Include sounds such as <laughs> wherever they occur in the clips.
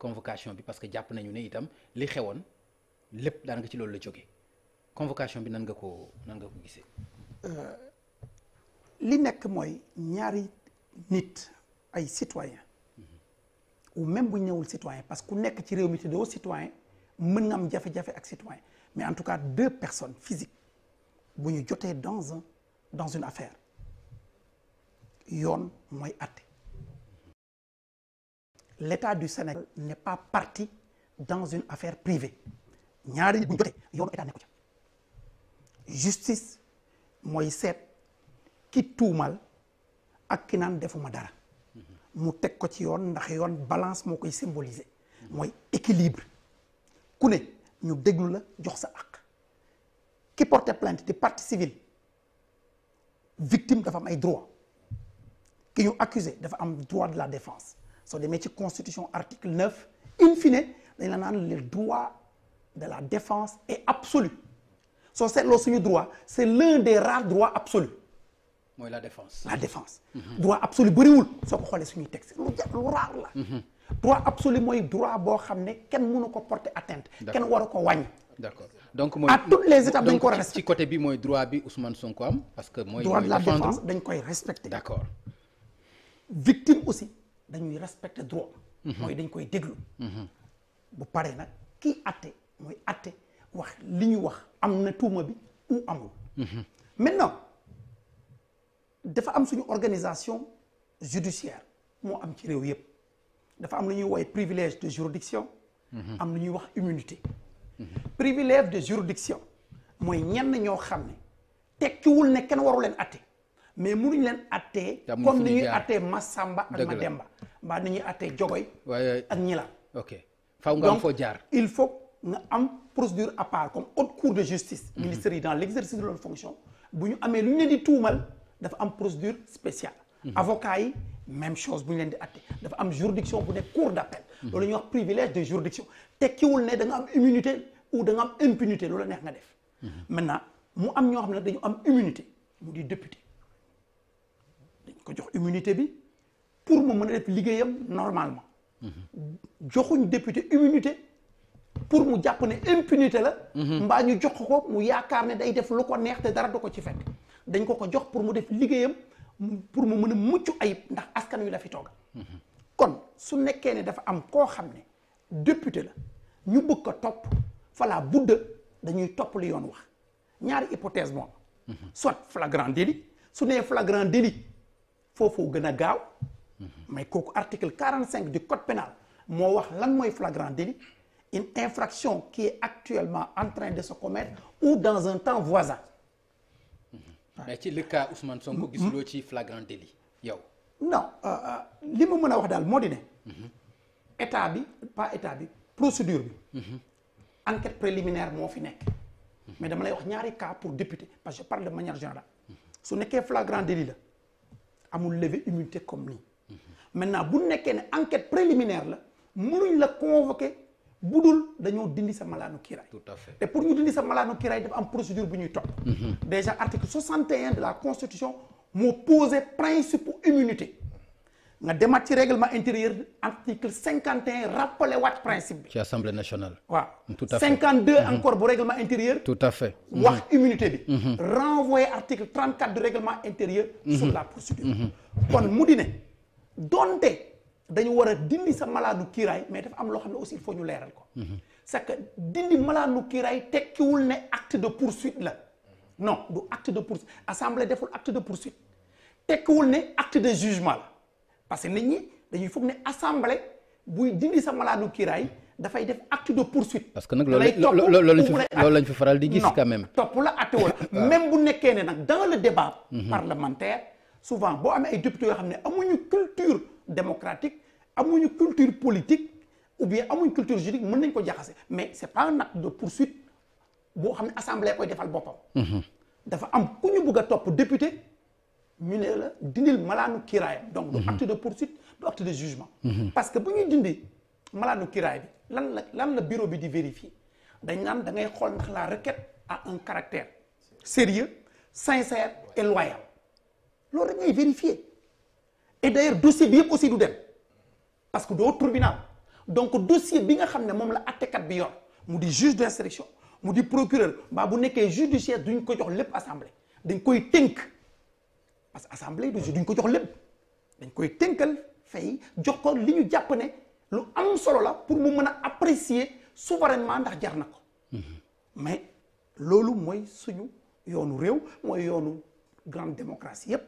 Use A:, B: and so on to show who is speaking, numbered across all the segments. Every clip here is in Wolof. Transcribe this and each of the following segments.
A: convocation bi parce que jàpp nañu ne itam li xewoon lépp daan nga ci loolu la jóge convocation bi nan nga ko nan nga ko gisee.
B: Euh, li nekk mooy ñaari nit ay citoyens mhm. ou même bu ñu ñëwul citoyen parce que ku nekk ci réew mi te doo citoyen mën nga am jafe-jafe ak citoyen mais en tout cas deux personnes physiques bu ñu jotee dans un dans une affaire yoon mooy àtte l'État du Sénégal ne pas parti dans une affaire privée ñaari bu ñu jotee justice mooy seet ki tuumal ak ki naan defuma dara mu teg ko ci yoon ndax yoon balance moo koy symboliser mooy équilibre ku ne ñu déglu la jox sa àq ki porté plainte di partie civile victime dafa am ay droit ki ñu accusé dafa am droit de la défense soo demee ci constitution article 9 in fine dañ la naan le droit de la défense est absolu soo seetloo suñu droit c'est l'un des rares droits absolus
A: mooy la défense la défense mhm.
B: droit absolu bariwul soo ko xoolee suñuy texte lu jar lu raar la mhm. droit absolu mooy droit boo xam ne kenn mënu ko porter atteinte kenn waru ko wàññ
A: d'accord donc mooy à toutes les étapes dañ ko respecté ci côté bi mooy droit bi Ousmane Sonko am parce que mooy droit la défense
B: dañ koy respecté d'accord victime aussi dañuy respecter droit. Mhm. mooy dañ koy déglu. Mhm. bu paree nag kii atte mooy atte wax li ñuy wax am na tuuma bi ou amul. Mhm. maintenant dafa am suñu organisation judiciaire moo am ci réew yëpp dafa am lu ñuy woowee privilège de juridiction. am lu ñuy wax immunité. privilège de juridiction mooy ñenn ñoo xam ne tekkiwul ne kenn waru leen atte. mais mu munuñ leen attee comme ni ñuy attee Massamba ak Mademba mbaa ni ñuy attee Jogoy ak ñila la faw nga am foo jaar il faut nga am procédure à part comme haute cour de justice mhm. ministère yi dans l' exercice de leur fonction bu ñu amee lu ñu leen di tuumal dafa am procédure spéciale mhm. avocat yi même chose bu ñu leen di atte dafa am juridiction bu nekk cour d' appel mhm. loolu ñuy wax privilège de juridiction tekkiwul ne da am immunité ou da am impunité loolu la neex nga def maintenant mu am ñoo xam ne dañu am immunité mu di député ko jox immunité bi pour mu mën a def liggéeyam normalement. joxuñ député immunité pour mu jàpp ne impunité la. Mhm. mbaa ñu jox ko mu yaakaar ne day def lu ko neex te dara du ko ci fekk. dañ ko ko jox pour mu def liggéeyam pour mu mën a mucc ayib ndax askan wi la fi toog. Mhm. kon su nekkee ne dafa am koo xam ne député la ñu bëgg ko topp fala budda dañuy topp li yoon wax ñaari hypothèse moom. Mhm. soit flagrant délit su nee flagrant délit. foofu gën a gaaw mais kooku article quarante cinq du code pénal moo wax lan mooy flagrant délit une infraction qui est actuellement entrain de se commettre ou dans un temps voisin.
A: mais ci le cas Ousmane Sonko mm-hmm. gisuloo ci flagrant délit
B: yow. non euh, euh, li ma mën a wax daal moo di ne. Mm-hmm. état bi pas état bi procédure bi. Mm-hmm. enquête préliminaire moo fi nekk. mais dama lay wax ñaari cas pour député parce que par parle de manière générale. su nekkee flagrant délit la. amul levé immunité comme nii maintenant bu nekkee ne enquête préliminaire la mënuñ la convoqué bu dul dañoo dindi sa malaanu kiiraay tout à te pour ñu dindi sa malaanu kiiraay dafa am procédure bu ñuy topp mhm. déjà article 61 de la constitution moo posé principe immunité nga demaat ci règlement intérieur article cinquante et un rappelé waat principe bi.
A: ci assemblée nationale. waaw mm, cinquante deux mm-hmm.
B: encore bu règlement intérieur. tout à fait mm-hmm. wax immunité bi. Mm-hmm. renvoyer article trente quatre du règlement intérieur. sur la procédure. kon mu di ne donte dañu war dindi sa malaanu kiiraay mais dafa am loo xam ne aussi foo ñu leeral ko. c'est que dindi malaanu kiiraay tekkiwul ne acte de poursuite la non du acte de poursuite assemblée deful acte de poursuite tekkiwul ne acte de jugement parce que nit ñi dañuy foog ne assemblée buy dindi sa malaanu kiiraay dafay def acte de poursuite. parce que nag loolu lañ fi faral di gis. quand même topp la acte wala <laughs> ah. même bu nekkee ne nag dans le débat. Mhm. parlementaire souvent boo amee ay députés yoo xam ne amuñu culture démocratique amuñu culture politique ou bien amuñu culture juridique mun nañ ko jaxase mais c' est pas un acte de poursuite boo xam ne assemblée koy defal boppam. Mhm. dafa am ku ñu bëgg ñu ne la dindil malaanu kiraayam donc du mhm. acte de poursuite du acte de jugement mhm. parce que bu ñuy dindi malaanu kiraay bi lan la lan la bureau bi di vérifier dañ naan da ngay xool ndax la requête a un caractère sérieux sincère et loyal loolu rek ngay vérifier et d'ailleurs dossier bi yëpp aussi du dem parce que doo tribunal donc dossier bi nga xam ne moom la àttekat bi yor mu di juge d'instruction mu di procureur mbaa bu nekkee juge du siège duñ ko jox lépp assemblée dañ koy tenk parce que assemblée du duñ ko jox lépp dañ koy tënkal fay jox ko li ñu jàpp ne lu am solo la pour mu mën a apprécier souverainement ndax jar na ko mm-hmm. mais loolu mooy suñu yoonu réew mooy yoonu grande démocratie yëpp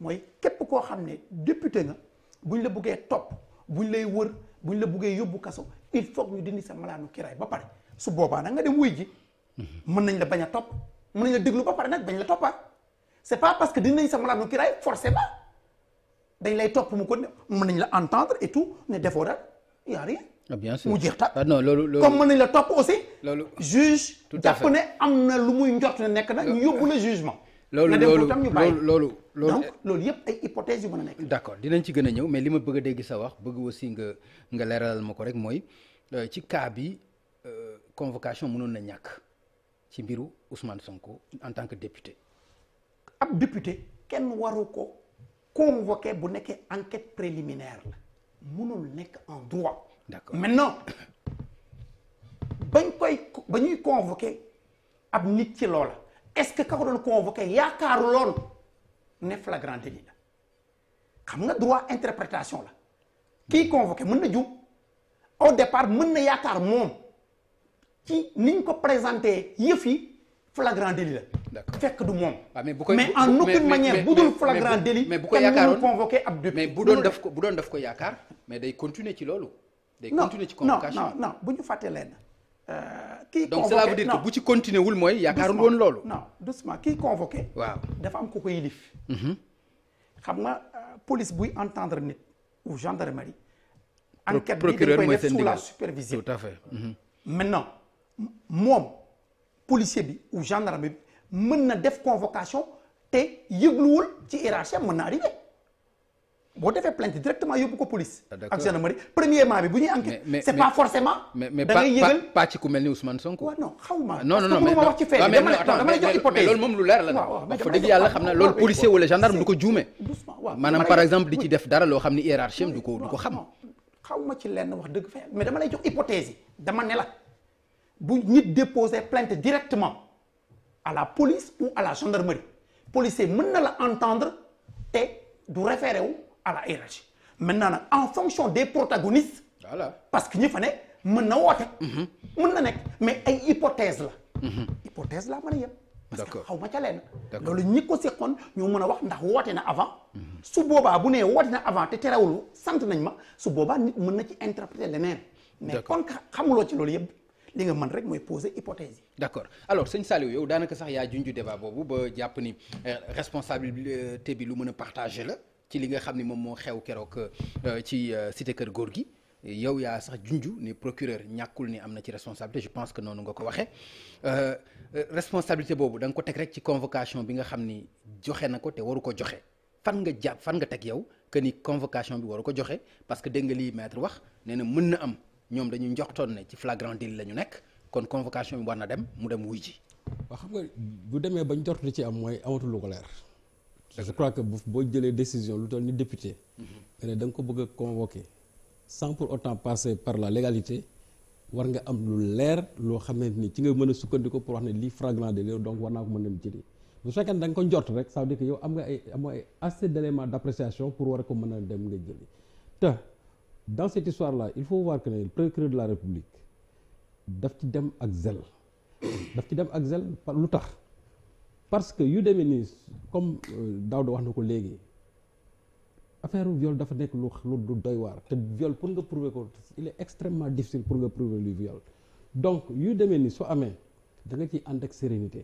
B: mooy képp koo xam ne député nga buñ la buggee topp buñ lay wër buñ la buggee yóbbu kaso il faut ñu dindi sa malaanu kiraay ba pare su boobaana nga dem wuy ji mm-hmm. mën nañ la bañ a topp mën nañ la déglu ba pare nag bañ la toppaat c'est pas parce que dinañ sa malade mu kii raay forcément dañ lay topp mu ko mën nañ la entendre et tout ne defoo dara y a
A: ah, mu jeex ta ah, non loolu loolu comme mën
B: nañ la topp aussi. loolu juge. tout à fait jàpp ne am na lu muy njort ne nekk na ñu yóbbu la euh,
A: jugement. loolu loolu loolu loolu yëpp ay hypothèses yu mën a nekk. d'accord dinañ ci gën a ñëw mais li ma bëgg a dégg sa wax bëgg aussi nga nga leeralal ma ko rek mooy euh, ci cas bi euh, convocation mënoon na ñàkk
B: ci mbiru Ousmane Sonko en tant que député. ab député kenn waru ko convoqué bu nekkee enquête préliminaire la mënul nekk en droit. d'accord ba bañ koy ba ñuy convoqué ab nit ki loola est-ce que ka ko doon convoqué yaakaaru loon ne flagrant délit la xam nga droit interprétation la kii convoqué mën na juum au départ mën na yaakaar moom ci niñ ko présenté yëf yi flagrant la. fekk du moom. Ah, mais bu koy mais en aucune manière bu dul flagrant délit. mais bu ko yaakaaroon
A: mais bu doon daf ko yaakaar mais day continuer
B: ci loolu. day continuer ci convocation non bu ñu fàtte leen. Euh, kii convoqué donc cela veut dire bu ci continuer wul mooy. yaakaarul woon loolu. non doucement kii convoqué. waaw dafa am ko ko yilif. Mm-hmm. xam nga euh, police buy entendre nit ou gendarmerie. enquête bi dañ koy def sous la supervision. tout à fait. Mm-hmm. maintenant moom policier bi ou gendarme mën na def convocation te yëgluwul ci hiérarchie mën na arrivé boo defee plainte directement yóbbu ko police. Ah, ak gendarmerie premièrement bi bu ñuy enquête. mais c'est pas forcément. da xaw
A: ma. Ah, non non non mais wax ci fee dama lay jox hypothèse loolu moom lu leer la nag. waaw waaw dëgg yàlla xam ko juume.
B: maanaam par exemple
A: di ci def dara wax dëgg
B: fa mais dama ne la bu nit déposer plainte directement. à la police ou à la gendarmerie policier mën na la entendre te du référé wu à la hiérarchie maintenant nag en fonction des protagonistes voilà parce que ñi fa ne mën na woote mhm. mën na nekk mais ay hypothèse la mhm. hypothèse la mën a yem parce que xaw ma ca leen loolu ñi ko seqoon ñoo mën a wax ndax woote na avant mhm. su boobaa bu nee woote na avant te terewul sant nañ ma su booba nit mën na ci interpréter leneen mais kon xamuloo ci loolu yëpp li nga mën rek mooy poser hypothèse yi.
A: d'accord alors sëñ Saliou yow daanaka sax yaa junj débat boobu ba jàpp ni euh, responsabilité bi lu mën a partagé la ci li nga xam ni moom moo xew keroog euh, ci euh, cité kër góor gi yow yaa sax junj ni procureur ñàkkul ni am na ci responsabilité je pense que noonu nga ko waxee responsabilité boobu da nga ko teg rek ci convocation bi nga xam ni joxe na ko te waru ko joxe. fan nga jàpp fan nga teg yow que ni convocation bi waru ko joxe parce que dégg nga lii wax nee na mën na am ñoom dañu njoxtoon ne ci flagrant délit la ñu nekk kon convocation bi war na dem mu dem wuy ji.
C: waaw xam nga bu demee bañ jort ci am mooy amatul lu ko leer. je que bu boo jëlee décision lu toll ni député. Mhm. nga ne ko bëgg a convoquer sans pour autant passer par la légalité war nga am lu leer loo xam ne ni ci nga mën a sukkandiku pour wax ne lii flagrant délit donc war naa ko mën dem jëli. bu fekkee ne da ko njort rek ça veut yow am nga ay amoo ay assez d'éléments pour war a ko mën a dem nga jëli dans cette histoire là il faut voir que ne procureur de la république daf ci dem ak zel daf ci dem ak par lu tax parce que yu demee nii comme euh, Daouda wax na ko léegi affaire viol dafa nekk lu lu doy waar te viol pour nga prouver ko il est extrêmement difficile pour nga prouver lu viol donc yu demee nii soo amee da nga ciy ànd ak sérénité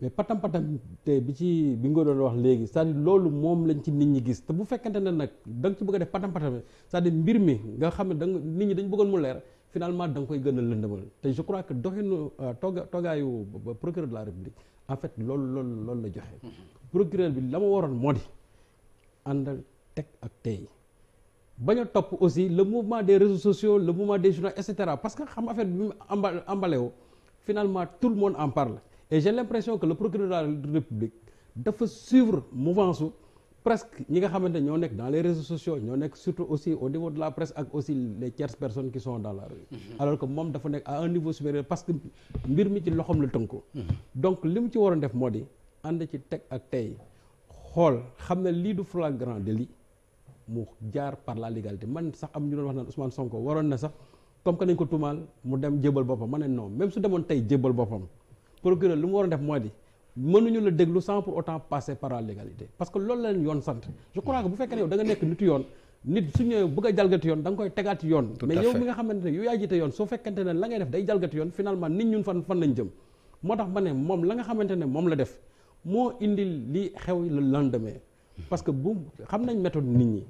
C: mais patam patam te bi ci bi nga doon wax léegi cest à loolu moom lañ ci nit ñi gis te bu fekkente ne nag da nga ci bëgg a def patam patam cest à mbir mi nga xam ne da nga nit ñi dañ bëggoon mu leer finalement danga nga koy gën a lëndëmal te je crois que doxinu tooga euh, toogaayu procureur de la république en fait loolu loolu loolu la joxe. procureur bi la ma waroon moo di àndal teg ak tey bañ a topp aussi le mouvement des réseaux sociaux le mouvement des journaux et cetera parce que xam affaire bi mu amba ambalewoo finalement tout le monde et j'ai l'impression que le procureur de la République dafa suivre mouvance su presque ñi nga xamante ñoo nekk dans les réseaux sociaux ñoo nekk surtout aussi au niveau de la presse ak aussi les tierces personnes qui sont dans la rue mm-hmm. alors que moom dafa nekk à un niveau supérieur parce que mbir mi ci loxoom la tënku mm-hmm. donc li mu ci waroon def moo di ànd ci teg ak tey xool xam ne lii du flagrant délit mu jaar par la légalité man sax am ñu doon wax naan Ousmane Sonko waroon na sax comme que nañ ko tuumaal mu dem jébal boppam ma ne non même su demoon tey jébal boppam procureur lu mu waroon def mooy di mënuñu la déglu sans pour autant passer par la légalité parce que loolu la leen yoon sant je crois que bu fekkee ne yow da nga nekk nitu yoon nit su ñëwee bëgg a jalgati yoon da koy tegaat yoon mais nit ñun fan fan lañ jëm moo tax ma ne moom la nga xamante ne moom la def moo indi li xew le lendemain parce que bu xam nañ méthode nit ñi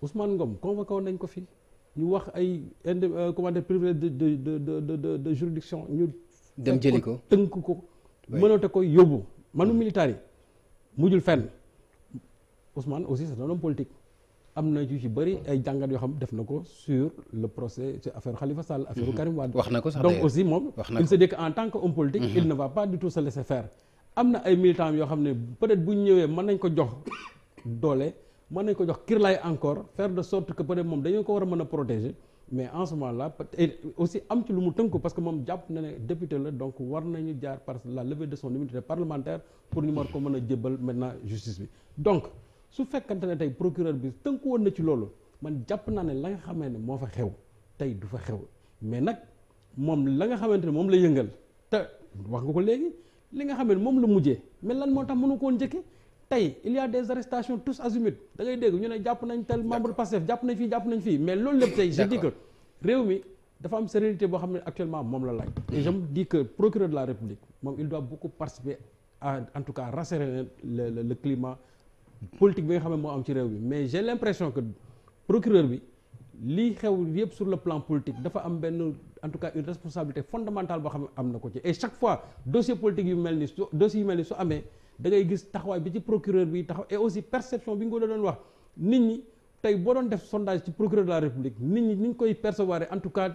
C: Ousmane Ngom convoqué woon nañ ko fii ñu wax ay ind euh, comment dire privilège de de de ñu dem jëli ko tënk ko mënoote ko yóbbu manu militaire yi mujjul fen Ousmane aussi c'est un homme politique am na yu ci bëri ay jàngat yoo xam def na ko sur le procès ci affaire Khalifa Sall affaire mhm. Karim Wade wax na ko sax donc aussi moom il se dit en tant que homme politique mhm. il ne va pas du tout se laisser faire am na ay militants yoo xam ne peut-être bu ñu ñëwee mën nañ ko jox doole mën nañ ko jox lay encore faire de sorte que peut moom dañoo ko war a mën a protéger mais en ce moment là aussi am ci lu mu tënku parce que moom jàpp na ne député la donc war nañu jaar par la levée de son immunité parlementaire pour ñu war ko mën a jébbal maintenant justice bi donc su fekkante ne tey procureur bi tënk woon na ci loolu man jàpp naa ne la nga xamee ne moo fa xew tey du fa xew mais nag moom la nga xamante ne moom la yëngal te wax nga ko léegi li nga xamee ne moom la mujjee mais lan moo tax mënu koo njëkkee tey il y a des arrestations tous azimuts da ngay dégg ñu ne jàpp nañ tel membre Pastef jàpp nañ fii jàpp nañ fii mais loolu lépp tey je dis réew mi dafa am sérénité boo xam ne actuellement moom la laaj je me procureur de la République moom il doit beaucoup participer à en tout cas rassurer le, le, climat politique bi nga xam ne moo am ci réew mi mais j'ai l'impression que procureur bi lii xew yëpp sur le plan politique dafa am benn en tout cas une responsabilité fondamentale boo xam ne am na ko ci et fois dossier yu mel ni dossier yu mel ni su amee da ngay gis taxawaay bi ci procureur bi taxaw et aussi perception bi nga doon wax nit ñi tey boo doon def sondage ci procureur de la république nit ñi ni ñu koy percevoir en tout cas.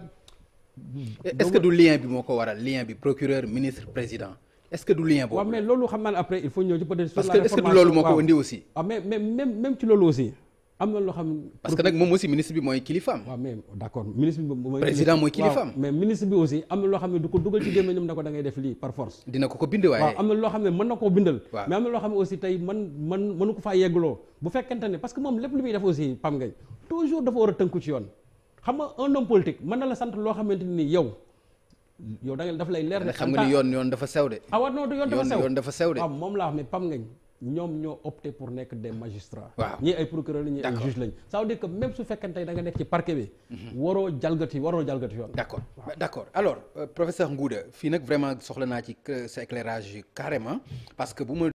A: est-ce que du lien bi moo ko waral lien bi procureur ministre
C: président. est du lien boobu. waaw mais loolu xam après il faut ñëw ci peut-être. sur la est du loolu moo ko indi aussi. waaw mais mais même même ci loolu aussi. am na loo xam. parce que nag moom aussi ministre bi mooy kilifaam. waaw mais d'accord ministre bi mooy. président mooy kilifaam mais ministre bi aussi am na loo xam ne du ko dugal ci gémmiñam na ko da def lii par force. dina ko ko bind waaye. am na loo xam ne mën na koo bindal. waaw mais am na loo xam ne aussi tey man man mënu ko faa yeggloo bu fekkente ne parce moom lépp lu muy def aussi pam ngay toujours dafa war a tënku ci yoon xam nga un homme politique mën na la sant loo xamante ni yow. yow da nga daf lay leer yoon yoon dafa sew de. ah waaw non yoon dafa sew yoon dafa sew de. ñoom ñoo opté pour nekk des magistrats waaw ñii ay procureur la ñii ay juge lañ ça dire que même su fekkante da nekk ci parquet bi mhm. waroo jalgati waroo jalgati yoon d' accord d' accord alors euh, professeur Ngouda fii nag vraiment soxla naa
A: ci sa éclairage carrément parce que bu ma